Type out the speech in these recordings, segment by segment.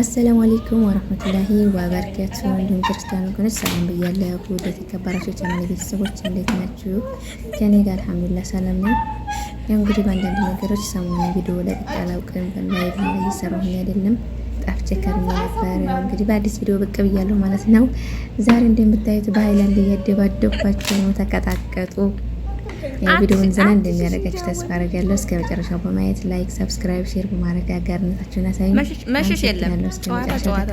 አሰላሙ አሌይኩም ወረህመቱላሂ ወበረካቱ። እንዲሁም ክርስቲያን ወገኖች ሰላም ብያለሁ። ውድ የተከበራችሁ የቻናሌ ቤተሰቦች እንዴት ናችሁ? ከእኔ ጋር አልሐምዱሊላህ ሰላም ነው። ያው እንግዲህ በአንዳንድ ነገሮች ሰሞኑን ቪዲዮ ለቅቄ አላውቅም። በላይቭ እየሰራሁኝ አይደለም፣ ጠፍቼ ከርሜ ነበር። እንግዲህ በአዲስ ቪዲዮ ብቅ ብያለሁ ማለት ነው። ዛሬ እንደምታዩት በሀይላንድ እያደባደብኳቸው ነው። ተቀጣቀጡ ቪዲዮውን ዘና እንደሚያደርጋችሁ ተስፋ አደርጋለሁ። እስከ መጨረሻው በማየት ላይክ፣ ሰብስክራይብ፣ ሼር በማድረግ አጋርነታችሁን አሳዩ። መሸሽ የለም ጨዋታ ጨዋታ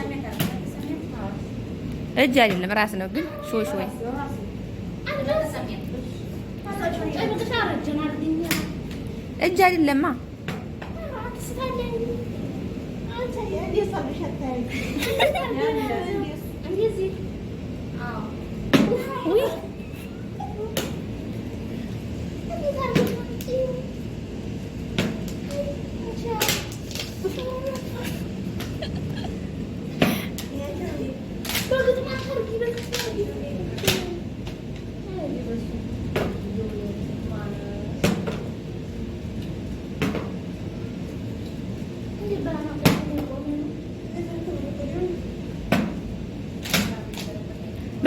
እጅ አይደለም ራስ ነው። ግን ሾሽ ወይ እጅ አይደለማ።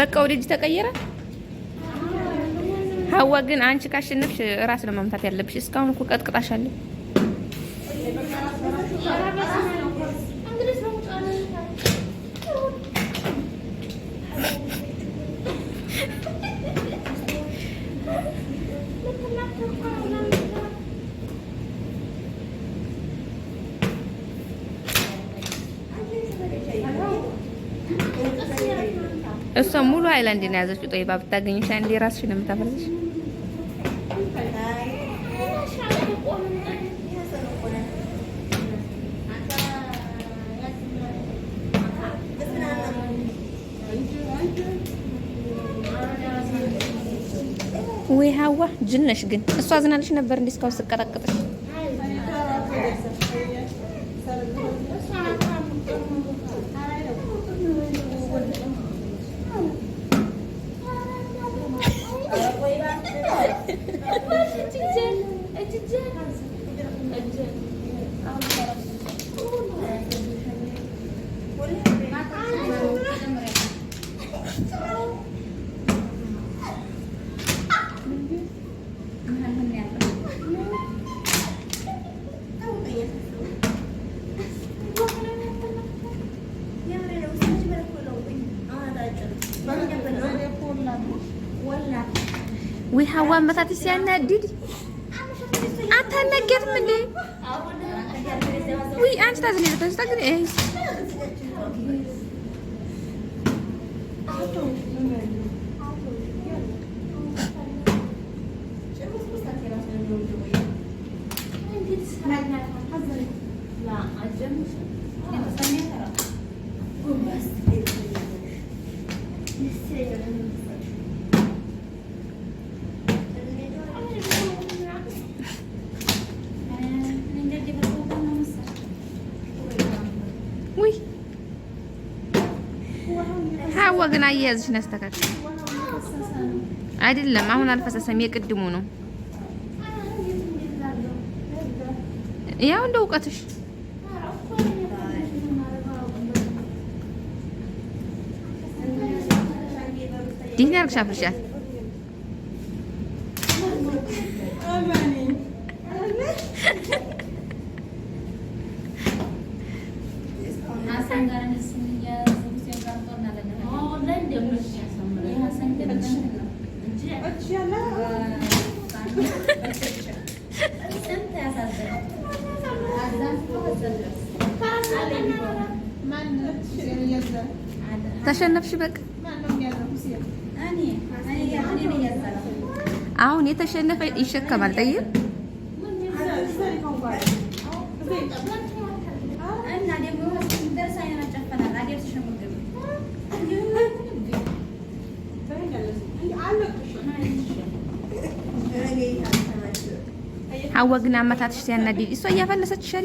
በቃ ወደ እጅ ተቀየረ። ሀዋ ግን አንቺ ካሸነፍሽ ራስ ነው ማምታት ያለብሽ። እስካሁን እኮ ቀጥቅጣሻለሁ። እሷ ሙሉ ሃይላንድ ነው ያዘችው። ጠይባ ብታገኝሽ አንዴ ራስሽን ነው የምታፈርሽ። ወይ ሀዋ ጅነሽ ግን እሷ አዝናለሽ ነበር እንዴ እስካሁን ስቀጠቅጥሽ Çıkacak. A Çıkacak. ሀዋን መታትሽ ሲያናድድ አታናገርም እንዴ? ውይ አንቺ ታዝን ይበታሽ ግን አያያዝሽን አስተካክል። አይደለም አሁን አልፈሰሰም፣ የቅድሙ ነው። ያው እንደ እውቀትሽ ዲህን ያርግሽ አፍርሻል። ተሸነፍሽ። በቃ አሁን የተሸነፈ ይሸከማል። ጠይቅ አወግና አመታትሽ ሲያናድድ እሷ እያፈለሰችሻል።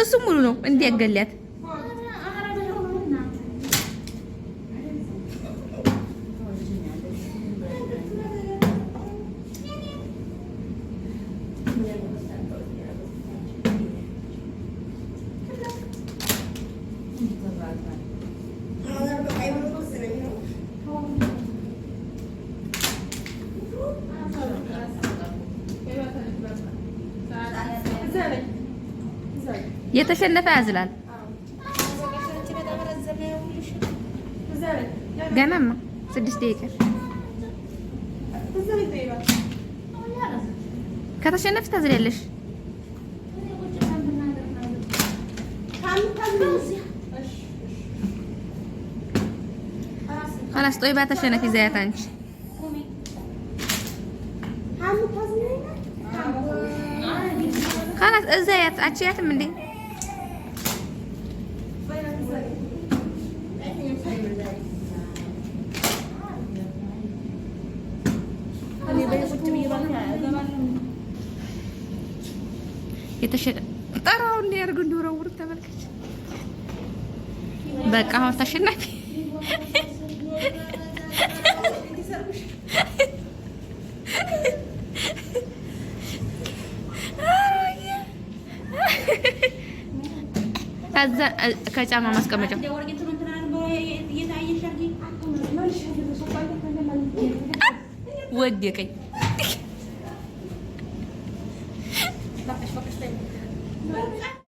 እሱ ሙሉ ነው እንዲያገላት የተሸነፈ ያዝላል። ገናማ ስድስት ደቂቃ ከተሸነፍ ታዝላለሽ። ኸላስ ጦይባ ተሸነፊ ዘያት አንቺ ኸላስ እዛ ያት አቺ ያትም እንዴ የተሸጠ ጠራው እንዲያርጉ እንዲወረውሩ ተመልከች። በቃ አሁን ተሸናፊ ከዛ ከጫማ ማስቀመጫው ወደቀኝ።